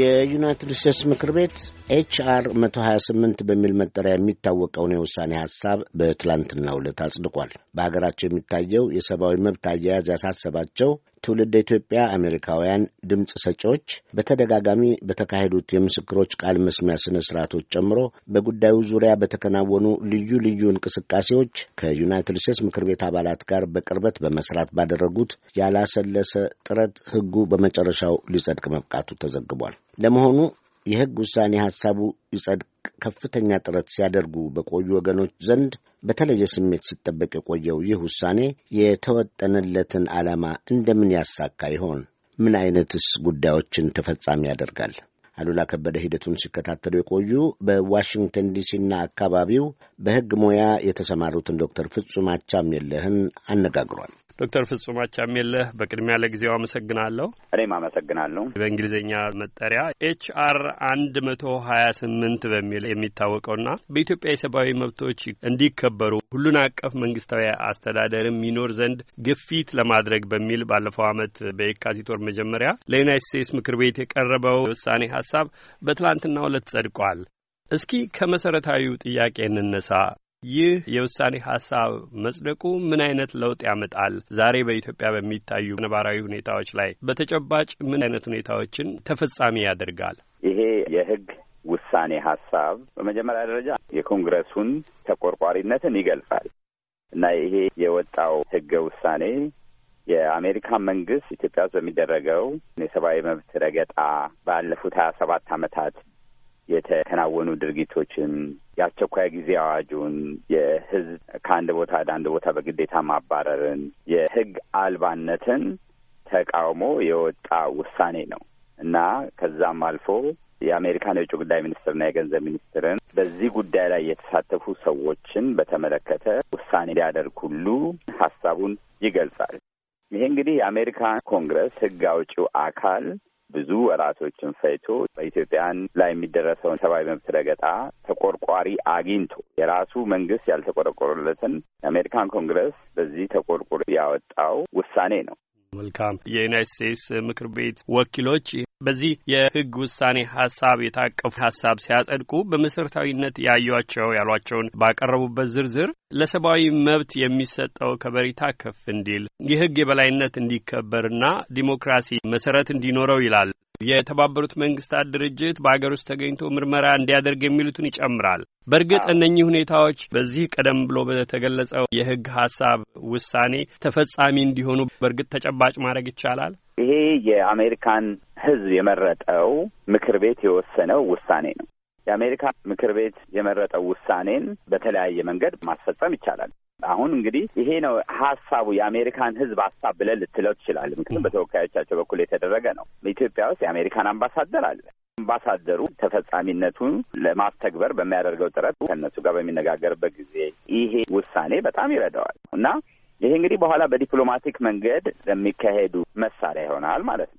የዩናይትድ ስቴትስ ምክር ቤት ኤችአር 128 በሚል መጠሪያ የሚታወቀውን የውሳኔ ሐሳብ በትላንትናው ዕለት አጽድቋል። በሀገራቸው የሚታየው የሰብአዊ መብት አያያዝ ያሳሰባቸው ትውልድ ኢትዮጵያ አሜሪካውያን ድምፅ ሰጪዎች በተደጋጋሚ በተካሄዱት የምስክሮች ቃል መስሚያ ስነ ስርዓቶች ጨምሮ በጉዳዩ ዙሪያ በተከናወኑ ልዩ ልዩ እንቅስቃሴዎች ከዩናይትድ ስቴትስ ምክር ቤት አባላት ጋር በቅርበት በመስራት ባደረጉት ያላሰለሰ ጥረት ሕጉ በመጨረሻው ሊጸድቅ መብቃቱ ተዘግቧል። ለመሆኑ የሕግ ውሳኔ ሐሳቡ ይጸድቅ ከፍተኛ ጥረት ሲያደርጉ በቆዩ ወገኖች ዘንድ በተለየ ስሜት ሲጠበቅ የቆየው ይህ ውሳኔ የተወጠነለትን ዓላማ እንደምን ያሳካ ይሆን? ምን አይነትስ ጉዳዮችን ተፈጻሚ ያደርጋል? አሉላ ከበደ ሂደቱን ሲከታተሉ የቆዩ በዋሽንግተን ዲሲና አካባቢው በሕግ ሙያ የተሰማሩትን ዶክተር ፍጹም አቻምየለህን አነጋግሯል። ዶክተር ፍጹም አቻሜለህ በቅድሚያ ለጊዜው አመሰግናለሁ። እኔም አመሰግናለሁ። በእንግሊዝኛ መጠሪያ ኤች አር አንድ መቶ ሀያ ስምንት በሚል የሚታወቀውና በኢትዮጵያ የሰብአዊ መብቶች እንዲከበሩ ሁሉን አቀፍ መንግስታዊ አስተዳደርም ይኖር ዘንድ ግፊት ለማድረግ በሚል ባለፈው ዓመት በየካቲት ወር መጀመሪያ ለዩናይት ስቴትስ ምክር ቤት የቀረበው የውሳኔ ሀሳብ በትላንትናው ዕለት ጸድቋል። እስኪ ከመሰረታዊው ጥያቄ እንነሳ። ይህ የውሳኔ ሀሳብ መጽደቁ ምን አይነት ለውጥ ያመጣል? ዛሬ በኢትዮጵያ በሚታዩ ነባራዊ ሁኔታዎች ላይ በተጨባጭ ምን አይነት ሁኔታዎችን ተፈጻሚ ያደርጋል? ይሄ የህግ ውሳኔ ሀሳብ በመጀመሪያ ደረጃ የኮንግረሱን ተቆርቋሪነትን ይገልጻል እና ይሄ የወጣው ህገ ውሳኔ የአሜሪካን መንግስት ኢትዮጵያ ውስጥ በሚደረገው የሰብአዊ መብት ረገጣ ባለፉት ሀያ ሰባት አመታት የተከናወኑ ድርጊቶችን፣ የአስቸኳይ ጊዜ አዋጁን፣ የህዝብ ከአንድ ቦታ ወደ አንድ ቦታ በግዴታ ማባረርን፣ የህግ አልባነትን ተቃውሞ የወጣ ውሳኔ ነው እና ከዛም አልፎ የአሜሪካን የውጭ ጉዳይ ሚኒስትርና የገንዘብ ሚኒስትርን በዚህ ጉዳይ ላይ የተሳተፉ ሰዎችን በተመለከተ ውሳኔ ሊያደርግ ሁሉ ሀሳቡን ይገልጻል። ይሄ እንግዲህ የአሜሪካን ኮንግረስ ህግ አውጪው አካል ብዙ ወራቶችን ፈይቶ በኢትዮጵያን ላይ የሚደረሰውን ሰብአዊ መብት ረገጣ ተቆርቋሪ አግኝቶ የራሱ መንግስት ያልተቆረቆረለትን የአሜሪካን ኮንግረስ በዚህ ተቆርቁር ያወጣው ውሳኔ ነው። መልካም። የዩናይት ስቴትስ ምክር ቤት ወኪሎች በዚህ የህግ ውሳኔ ሀሳብ የታቀፉ ሀሳብ ሲያጸድቁ በመሰረታዊነት ያዩቸው ያሏቸውን ባቀረቡበት ዝርዝር ለሰብአዊ መብት የሚሰጠው ከበሬታ ከፍ እንዲል የህግ የበላይነት እንዲከበርና ዲሞክራሲ መሰረት እንዲኖረው ይላል። የተባበሩት መንግስታት ድርጅት በሀገር ውስጥ ተገኝቶ ምርመራ እንዲያደርግ የሚሉትን ይጨምራል። በእርግጥ እነኚህ ሁኔታዎች በዚህ ቀደም ብሎ በተገለጸው የህግ ሀሳብ ውሳኔ ተፈጻሚ እንዲሆኑ በእርግጥ ተጨባጭ ማድረግ ይቻላል። ይሄ የአሜሪካን ህዝብ የመረጠው ምክር ቤት የወሰነው ውሳኔ ነው። የአሜሪካ ምክር ቤት የመረጠው ውሳኔን በተለያየ መንገድ ማስፈጸም ይቻላል። አሁን እንግዲህ ይሄ ነው ሀሳቡ የአሜሪካን ህዝብ ሀሳብ ብለን ልትለው ትችላል። ምክንያቱም በተወካዮቻቸው በኩል የተደረገ ነው። ኢትዮጵያ ውስጥ የአሜሪካን አምባሳደር አለ። አምባሳደሩ ተፈጻሚነቱን ለማስተግበር በሚያደርገው ጥረት ከእነሱ ጋር በሚነጋገርበት ጊዜ ይሄ ውሳኔ በጣም ይረዳዋል እና ይሄ እንግዲህ በኋላ በዲፕሎማቲክ መንገድ ለሚካሄዱ መሳሪያ ይሆናል ማለት ነው።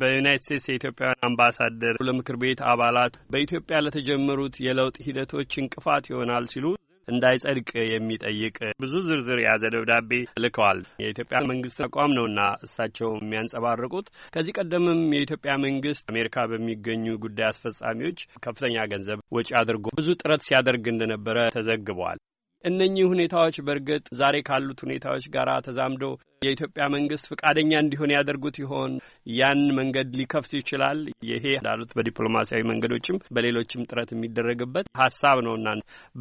በዩናይት ስቴትስ የኢትዮጵያውያን አምባሳደር ለምክር ቤት አባላት በኢትዮጵያ ለተጀመሩት የለውጥ ሂደቶች እንቅፋት ይሆናል ሲሉ እንዳይጸድቅ የሚጠይቅ ብዙ ዝርዝር የያዘ ደብዳቤ ልከዋል። የኢትዮጵያ መንግስት አቋም ነውና እሳቸው የሚያንጸባርቁት። ከዚህ ቀደምም የኢትዮጵያ መንግስት አሜሪካ በሚገኙ ጉዳይ አስፈጻሚዎች ከፍተኛ ገንዘብ ወጪ አድርጎ ብዙ ጥረት ሲያደርግ እንደነበረ ተዘግቧል። እነኚህ ሁኔታዎች በእርግጥ ዛሬ ካሉት ሁኔታዎች ጋር ተዛምዶ የኢትዮጵያ መንግስት ፈቃደኛ እንዲሆን ያደርጉት ይሆን? ያን መንገድ ሊከፍት ይችላል። ይሄ እንዳሉት በዲፕሎማሲያዊ መንገዶችም በሌሎችም ጥረት የሚደረግበት ሀሳብ ነውና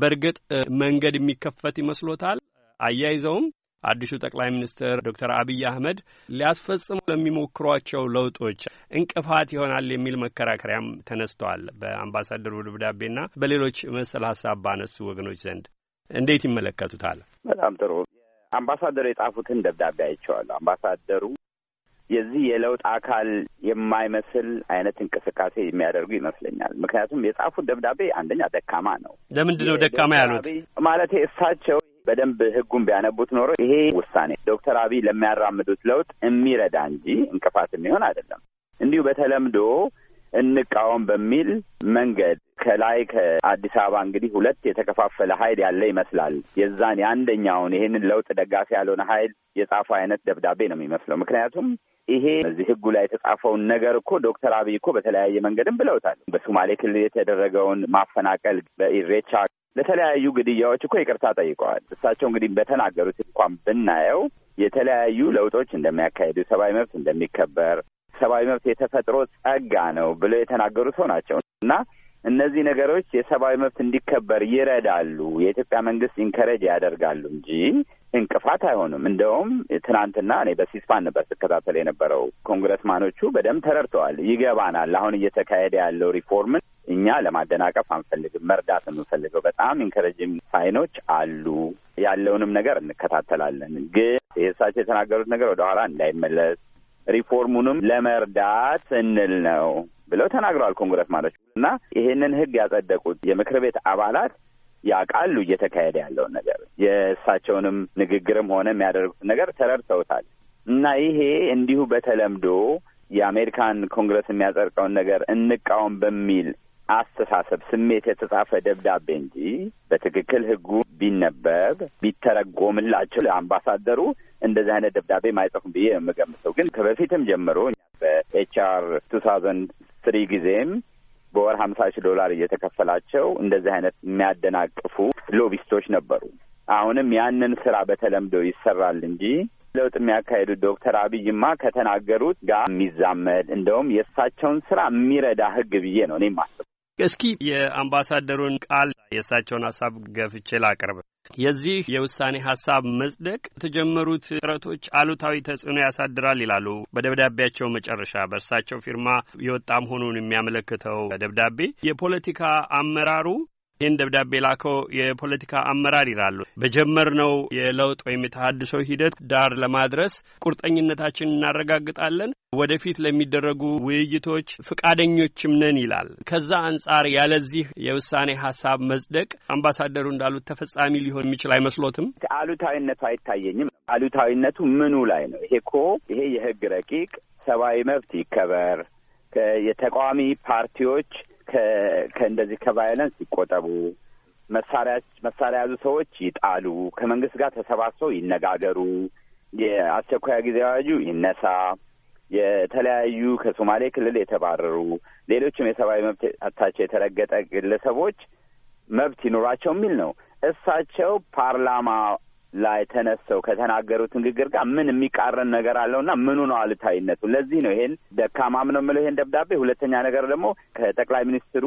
በእርግጥ መንገድ የሚከፈት ይመስሎታል? አያይዘውም አዲሱ ጠቅላይ ሚኒስትር ዶክተር አብይ አህመድ ሊያስፈጽሙ ለሚሞክሯቸው ለውጦች እንቅፋት ይሆናል የሚል መከራከሪያም ተነስተዋል። በአምባሳደሩ ደብዳቤና በሌሎች መሰል ሀሳብ ባነሱ ወገኖች ዘንድ እንዴት ይመለከቱታል? በጣም ጥሩ። አምባሳደሩ የጻፉትን ደብዳቤ አይቼዋለሁ። አምባሳደሩ የዚህ የለውጥ አካል የማይመስል አይነት እንቅስቃሴ የሚያደርጉ ይመስለኛል። ምክንያቱም የጻፉት ደብዳቤ አንደኛ ደካማ ነው። ለምንድን ነው ደካማ ያሉት? ማለት እሳቸው በደንብ ህጉም ቢያነቡት ኖሮ ይሄ ውሳኔ ዶክተር አብይ ለሚያራምዱት ለውጥ የሚረዳ እንጂ እንቅፋት የሚሆን አይደለም። እንዲሁ በተለምዶ እንቃወም በሚል መንገድ ከላይ ከአዲስ አበባ እንግዲህ ሁለት የተከፋፈለ ኃይል ያለ ይመስላል። የዛን የአንደኛውን ይህንን ለውጥ ደጋፊ ያልሆነ ኃይል የጻፈው አይነት ደብዳቤ ነው የሚመስለው። ምክንያቱም ይሄ እዚህ ህጉ ላይ የተጻፈውን ነገር እኮ ዶክተር አብይ እኮ በተለያየ መንገድም ብለውታል። በሶማሌ ክልል የተደረገውን ማፈናቀል፣ በኢሬቻ ለተለያዩ ግድያዎች እኮ ይቅርታ ጠይቀዋል። እሳቸው እንግዲህ በተናገሩት እንኳን ብናየው የተለያዩ ለውጦች እንደሚያካሄዱ፣ ሰብአዊ መብት እንደሚከበር፣ ሰብአዊ መብት የተፈጥሮ ጸጋ ነው ብለው የተናገሩ ሰው ናቸው እና እነዚህ ነገሮች የሰብአዊ መብት እንዲከበር ይረዳሉ። የኢትዮጵያ መንግስት ኢንከረጅ ያደርጋሉ እንጂ እንቅፋት አይሆኑም። እንደውም ትናንትና እኔ በሲስፓን ነበር ስከታተል የነበረው። ኮንግረስማኖቹ በደንብ ተረድተዋል። ይገባናል፣ አሁን እየተካሄደ ያለው ሪፎርምን እኛ ለማደናቀፍ አንፈልግም፣ መርዳት የምንፈልገው በጣም ኢንከረጅም ሳይኖች አሉ። ያለውንም ነገር እንከታተላለን። ግን የእሳቸው የተናገሩት ነገር ወደ እንዳይመለስ ሪፎርሙንም ለመርዳት ስንል ነው ብለው ተናግረዋል። ኮንግረስ ማለት እና ይሄንን ህግ ያጸደቁት የምክር ቤት አባላት ያውቃሉ እየተካሄደ ያለውን ነገር የእሳቸውንም ንግግርም ሆነ የሚያደርጉት ነገር ተረድተውታል። እና ይሄ እንዲሁ በተለምዶ የአሜሪካን ኮንግረስ የሚያጸድቀውን ነገር እንቃወም በሚል አስተሳሰብ ስሜት የተጻፈ ደብዳቤ እንጂ በትክክል ህጉ ቢነበብ ቢተረጎምላቸው ለአምባሳደሩ እንደዚህ አይነት ደብዳቤ ማይጽፉም ብዬ የምገምተው ግን ከበፊትም ጀምሮ በኤችአር ቱ ታውዘንድ ትሪ ጊዜም በወር ሀምሳ ሺህ ዶላር እየተከፈላቸው እንደዚህ አይነት የሚያደናቅፉ ሎቢስቶች ነበሩ። አሁንም ያንን ስራ በተለምዶ ይሰራል እንጂ ለውጥ የሚያካሄዱት ዶክተር አብይማ ከተናገሩት ጋር የሚዛመድ እንደውም የእሳቸውን ስራ የሚረዳ ህግ ብዬ ነው እኔ ማስብ እስኪ የአምባሳደሩን ቃል የእሳቸውን ሀሳብ ገፍቼ ላቅርብ። የዚህ የውሳኔ ሀሳብ መጽደቅ የተጀመሩት ጥረቶች አሉታዊ ተጽዕኖ ያሳድራል ይላሉ በደብዳቤያቸው መጨረሻ። በእርሳቸው ፊርማ የወጣ መሆኑን የሚያመለክተው ደብዳቤ የፖለቲካ አመራሩ ይህን ደብዳቤ ላከው የፖለቲካ አመራር ይላሉ። በጀመርነው የለውጥ ወይም የተሀድሶ ሂደት ዳር ለማድረስ ቁርጠኝነታችን እናረጋግጣለን፣ ወደፊት ለሚደረጉ ውይይቶች ፍቃደኞችም ነን ይላል። ከዛ አንጻር ያለዚህ የውሳኔ ሀሳብ መጽደቅ አምባሳደሩ እንዳሉት ተፈጻሚ ሊሆን የሚችል አይመስሎትም? አሉታዊነቱ አይታየኝም። አሉታዊነቱ ምኑ ላይ ነው? ይሄ እኮ ይሄ የህግ ረቂቅ ሰብአዊ መብት ይከበር የተቃዋሚ ፓርቲዎች ከእንደዚህ ከቫይለንስ ይቆጠቡ፣ መሳሪያ መሳሪያ ያዙ ሰዎች ይጣሉ፣ ከመንግስት ጋር ተሰባስበው ይነጋገሩ፣ የአስቸኳይ ጊዜ አዋጁ ይነሳ፣ የተለያዩ ከሶማሌ ክልል የተባረሩ ሌሎችም የሰብአዊ መብታቸው የተረገጠ ግለሰቦች መብት ይኖራቸው የሚል ነው። እሳቸው ፓርላማ ላይ ተነስተው ከተናገሩት ንግግር ጋር ምን የሚቃረን ነገር አለውና ምኑ ነው አሉታዊነቱ? ለዚህ ነው ይሄን ደካማም ነው የምለው ይሄን ደብዳቤ። ሁለተኛ ነገር ደግሞ ከጠቅላይ ሚኒስትሩ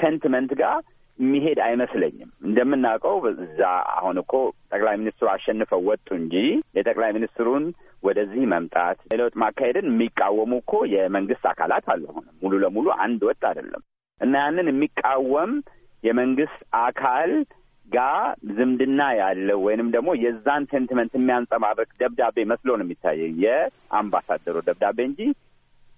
ሴንቲመንት ጋር የሚሄድ አይመስለኝም። እንደምናውቀው እዛ አሁን እኮ ጠቅላይ ሚኒስትሩ አሸንፈው ወጡ እንጂ የጠቅላይ ሚኒስትሩን ወደዚህ መምጣት የለውጥ ማካሄድን የሚቃወሙ እኮ የመንግስት አካላት አለ። አሁንም ሙሉ ለሙሉ አንድ ወጥ አይደለም እና ያንን የሚቃወም የመንግስት አካል ጋ ዝምድና ያለው ወይንም ደግሞ የዛን ሴንቲመንት የሚያንጸባርቅ ደብዳቤ መስሎ ነው የሚታየኝ የአምባሳደሩ ደብዳቤ እንጂ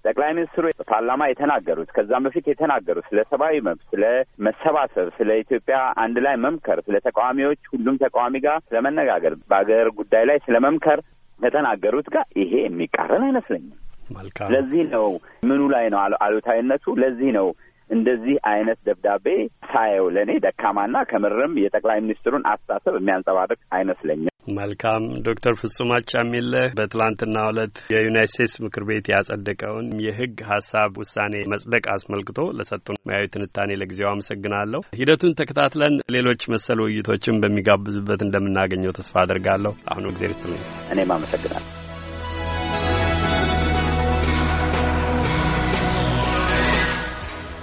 ጠቅላይ ሚኒስትሩ ፓርላማ የተናገሩት ከዛም በፊት የተናገሩት ስለ ሰብአዊ መብት፣ ስለ መሰባሰብ፣ ስለ ኢትዮጵያ አንድ ላይ መምከር፣ ስለ ተቃዋሚዎች ሁሉም ተቃዋሚ ጋር ስለ መነጋገር፣ በሀገር ጉዳይ ላይ ስለ መምከር ከተናገሩት ጋር ይሄ የሚቃረን አይመስለኝም። ስለዚህ ነው ምኑ ላይ ነው አሉታዊነቱ? ለዚህ ነው እንደዚህ አይነት ደብዳቤ ሳየው ለእኔ ደካማና ከምርም የጠቅላይ ሚኒስትሩን አስተሳሰብ የሚያንጸባርቅ አይመስለኝም። መልካም ዶክተር ፍጹም አቻሜለህ በትላንትና ዕለት የዩናይት ስቴትስ ምክር ቤት ያጸደቀውን የህግ ሀሳብ ውሳኔ መጽደቅ አስመልክቶ ለሰጡን ሙያዊ ትንታኔ ለጊዜው አመሰግናለሁ። ሂደቱን ተከታትለን ሌሎች መሰል ውይይቶችን በሚጋብዙበት እንደምናገኘው ተስፋ አድርጋለሁ። አሁኑ እግዜር ይስጥልኝ። እኔም አመሰግናለሁ።